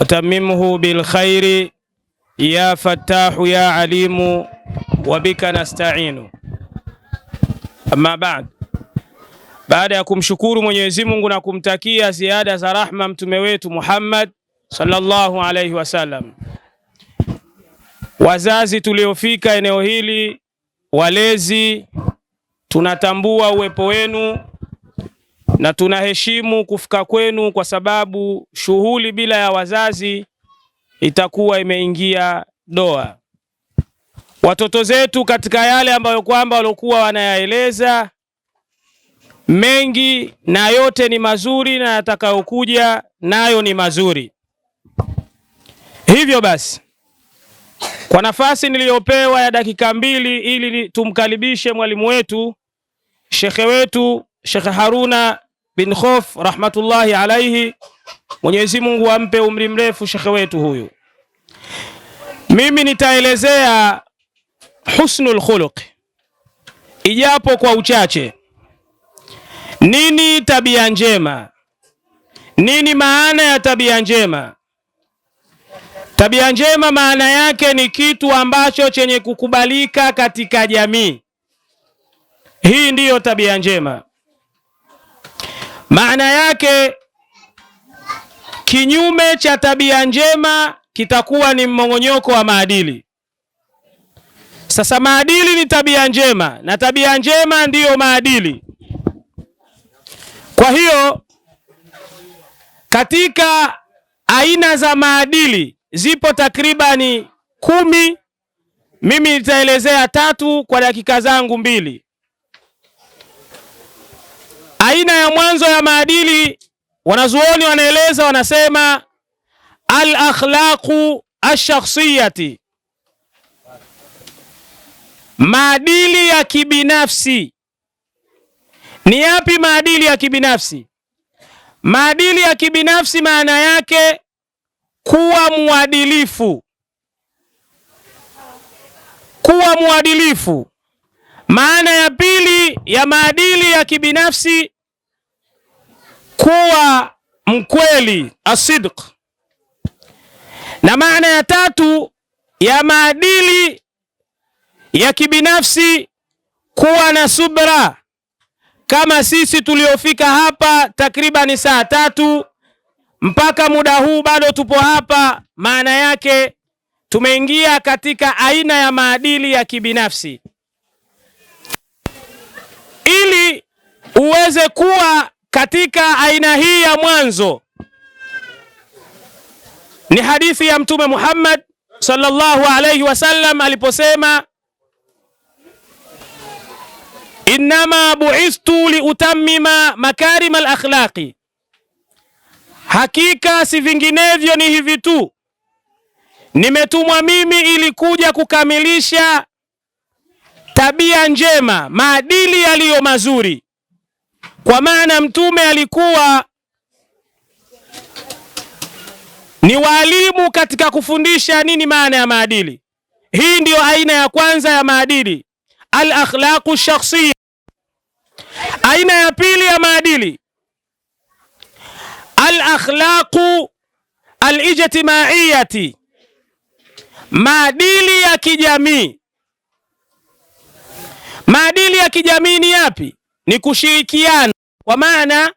watamimhu bilkhairi ya fatahu ya alimu wabika nastainu. Amma baad, baada ya kumshukuru Mwenyezi Mungu na kumtakia ziada za rahma mtume wetu Muhammad sallallahu alayhi wasallam, wazazi tuliofika eneo hili, walezi, tunatambua uwepo wenu na tunaheshimu kufika kwenu, kwa sababu shughuli bila ya wazazi itakuwa imeingia doa. Watoto zetu katika yale ambayo kwamba waliokuwa wanayaeleza mengi, na yote ni mazuri na yatakayokuja nayo ni mazuri. Hivyo basi kwa nafasi niliyopewa ya dakika mbili ili tumkaribishe mwalimu wetu shekhe wetu Shekhe Haruna bin Khof rahmatullahi alaihi, Mwenyezi Mungu ampe umri mrefu shekhe wetu huyu. Mimi nitaelezea husnul khuluq ijapo kwa uchache. Nini tabia njema? Nini maana ya tabia njema? Tabia njema maana yake ni kitu ambacho chenye kukubalika katika jamii. Hii ndiyo tabia njema. Maana yake kinyume cha tabia njema kitakuwa ni mmong'onyoko wa maadili. Sasa maadili ni tabia njema na tabia njema ndiyo maadili. Kwa hiyo katika aina za maadili zipo takribani kumi. Mimi nitaelezea tatu kwa dakika zangu mbili. Aina ya mwanzo ya maadili, wanazuoni wanaeleza, wanasema al akhlaqu ashakhsiyati, maadili ya kibinafsi. Ni yapi maadili ya kibinafsi? Maadili ya kibinafsi maana yake kuwa muadilifu, kuwa muadilifu. Maana ya pili ya maadili ya kibinafsi kuwa mkweli, asidq. Na maana ya tatu ya maadili ya kibinafsi, kuwa na subra, kama sisi tuliofika hapa takribani saa tatu mpaka muda huu bado tupo hapa. Maana yake tumeingia katika aina ya maadili ya kibinafsi. Ili uweze kuwa katika aina hii ya mwanzo ni hadithi ya Mtume Muhammad sallallahu alayhi wasallam aliposema, innama buithtu liutammima makarima alakhlaqi, hakika si vinginevyo ni hivi tu, nimetumwa mimi ili kuja kukamilisha tabia njema, maadili yaliyo mazuri kwa maana mtume alikuwa ni walimu katika kufundisha nini maana ya maadili. Hii ndiyo aina ya kwanza ya maadili, al akhlaqu shakhsia. Aina ya pili ya maadili, al akhlaqu al ijtimaiyati, maadili ya kijamii. Maadili ya kijamii ni yapi? Ni kushirikiana kwa maana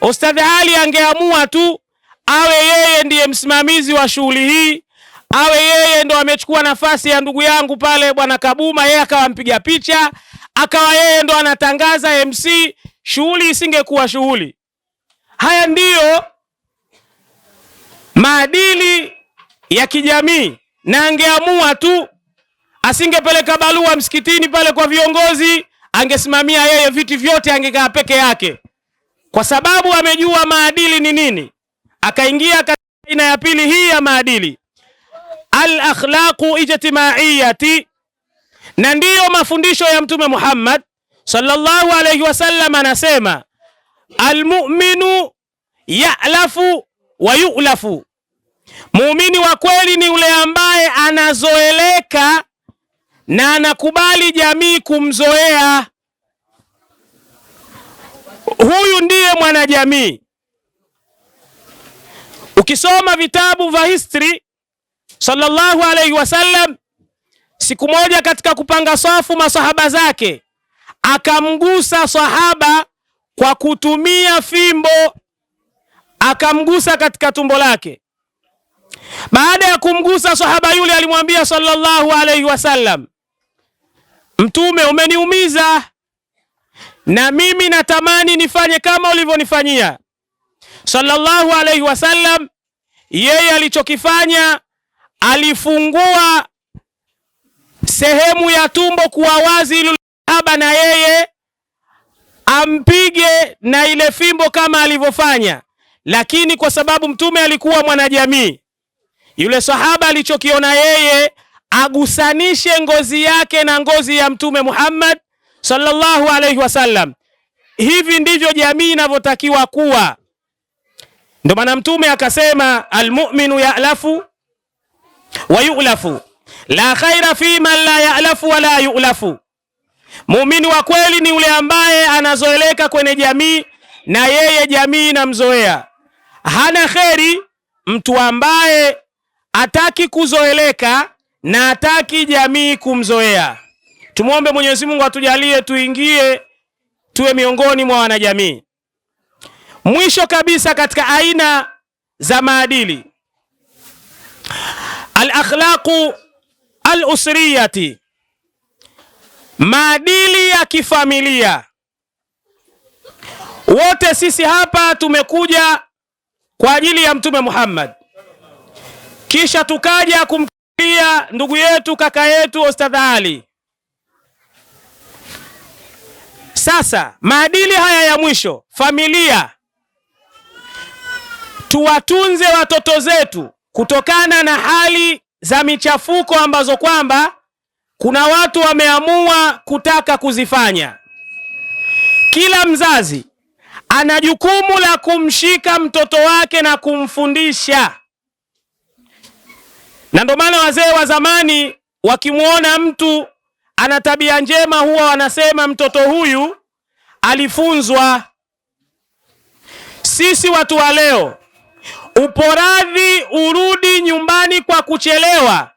Ustadhi Ali angeamua tu awe yeye ndiye msimamizi wa shughuli hii, awe yeye ndo amechukua nafasi ya ndugu yangu pale bwana Kabuma, yeye akawa mpiga picha, akawa yeye ndo anatangaza MC, shughuli isingekuwa shughuli. Haya ndiyo maadili ya kijamii, na angeamua tu, asingepeleka barua msikitini pale kwa viongozi angesimamia yeye viti vyote, angekaa peke yake, kwa sababu amejua maadili ni nini. Akaingia katika aina ya pili hii ya maadili, al akhlaqu ijtimaiyati, na ndiyo mafundisho ya Mtume Muhammad sallallahu alayhi wasallam, anasema almu'minu ya'lafu wa yu'lafu, muumini wa kweli ni ule ambaye anazoeleka na anakubali jamii kumzoea. Huyu ndiye mwanajamii. Ukisoma vitabu vya history, sallallahu alaihi wasallam, siku moja katika kupanga safu masahaba zake akamgusa sahaba kwa kutumia fimbo, akamgusa katika tumbo lake. Baada ya kumgusa sahaba yule, alimwambia sallallahu alaihi wasallam Mtume, umeniumiza na mimi natamani nifanye kama ulivyonifanyia. Sallallahu alaihi wasallam, yeye alichokifanya alifungua sehemu ya tumbo kuwa wazi ili sahaba na yeye ampige na ile fimbo kama alivyofanya, lakini kwa sababu mtume alikuwa mwanajamii, yule sahaba alichokiona yeye agusanishe ngozi yake na ngozi ya Mtume Muhammad sallallahu alaihi wasallam. Hivi ndivyo jamii inavyotakiwa kuwa. Ndio maana Mtume akasema, almuminu yalafu wa yulafu, la khaira fi man la yalafu wa la yulafu. Muumini wa kweli ni yule ambaye anazoeleka kwenye jamii na yeye jamii inamzoea. Hana kheri mtu ambaye ataki kuzoeleka na hataki jamii kumzoea. Tumwombe Mwenyezi Mungu atujalie tuingie, tuwe miongoni mwa wanajamii. Mwisho kabisa katika aina za maadili, al akhlaqu al usriyati, maadili ya kifamilia. Wote sisi hapa tumekuja kwa ajili ya Mtume Muhammad, kisha tukaja kum ndugu yetu kaka yetu ostadhali Ali. Sasa maadili haya ya mwisho, familia, tuwatunze watoto zetu kutokana na hali za michafuko ambazo kwamba kuna watu wameamua kutaka kuzifanya. Kila mzazi ana jukumu la kumshika mtoto wake na kumfundisha na ndio maana wazee wa zamani wakimwona mtu ana tabia njema, huwa wanasema mtoto huyu alifunzwa. Sisi watu wa leo, uporadhi urudi nyumbani kwa kuchelewa,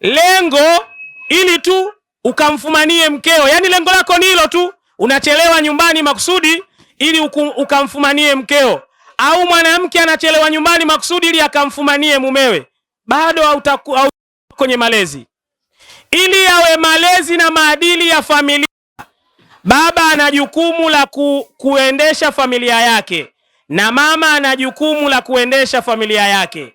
lengo ili tu ukamfumanie mkeo. Yaani lengo lako ni hilo tu, unachelewa nyumbani makusudi ili ukamfumanie mkeo, au mwanamke anachelewa nyumbani makusudi ili akamfumanie mumewe bado hautakuwa kwenye malezi. Ili yawe malezi na maadili ya familia, baba ana jukumu la ku, kuendesha familia yake na mama ana jukumu la kuendesha familia yake.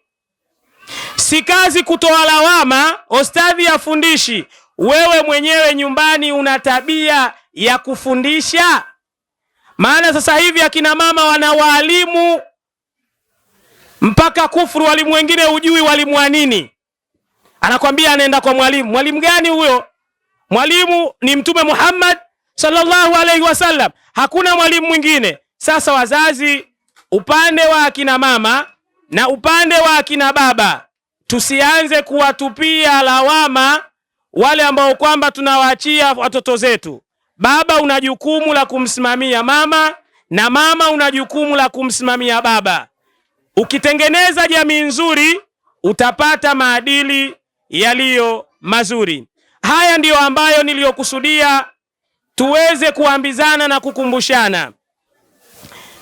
Si kazi kutoa lawama, ostadhi afundishi. Wewe mwenyewe nyumbani una tabia ya kufundisha? Maana sasa hivi akina mama wana waalimu mpaka kufuru. Walimu wengine hujui walimu wa nini, anakwambia anaenda kwa mwalimu. Mwalimu gani huyo? Mwalimu ni Mtume Muhammad sallallahu alaihi wasallam, hakuna mwalimu mwingine. Sasa wazazi, upande wa akina mama na upande wa akina baba, tusianze kuwatupia lawama wale ambao kwamba tunawaachia watoto zetu. Baba una jukumu la kumsimamia mama na mama una jukumu la kumsimamia baba. Ukitengeneza jamii nzuri utapata maadili yaliyo mazuri. Haya ndiyo ambayo niliyokusudia tuweze kuambizana na kukumbushana.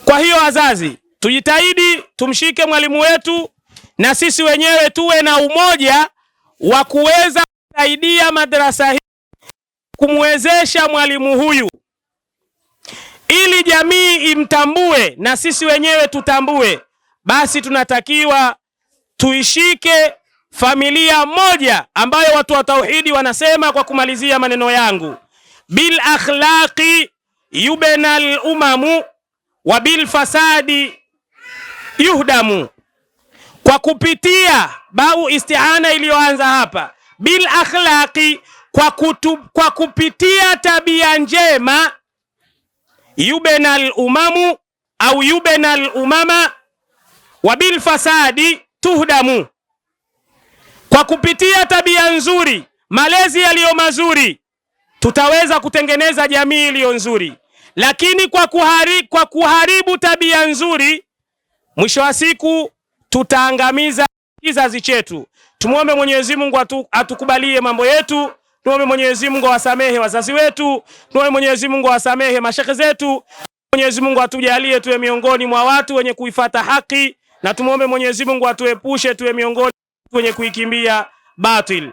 Kwa hiyo, wazazi, tujitahidi tumshike mwalimu wetu na sisi wenyewe tuwe na umoja wa kuweza kusaidia madrasa hii kumwezesha mwalimu huyu ili jamii imtambue na sisi wenyewe tutambue basi tunatakiwa tuishike familia moja ambayo watu wa tauhidi wanasema, kwa kumalizia maneno yangu, bil akhlaqi yubna al umamu wa bil fasadi yuhdamu. Kwa kupitia bau istiana iliyoanza hapa bil akhlaqi, kwa, kutu, kwa kupitia tabia njema yubna al umamu au yubna al umama wabil fasadi tuhdamu, kwa kupitia tabia nzuri, malezi yaliyo mazuri, tutaweza kutengeneza jamii iliyo nzuri. Lakini kwa kuharibu, kwa kuharibu tabia nzuri, mwisho wa siku tutaangamiza kizazi chetu. Tumwombe Mwenyezi Mungu atu, atukubalie mambo yetu. Tuombe Mwenyezi Mungu awasamehe wazazi wetu, tuombe Mwenyezi Mungu awasamehe mashekhe zetu. Mwenyezi Mungu atujalie tuwe miongoni mwa watu wenye kuifata haki na tumwombe Mwenyezi Mungu atuepushe tuwe miongoni wenye kuikimbia batil.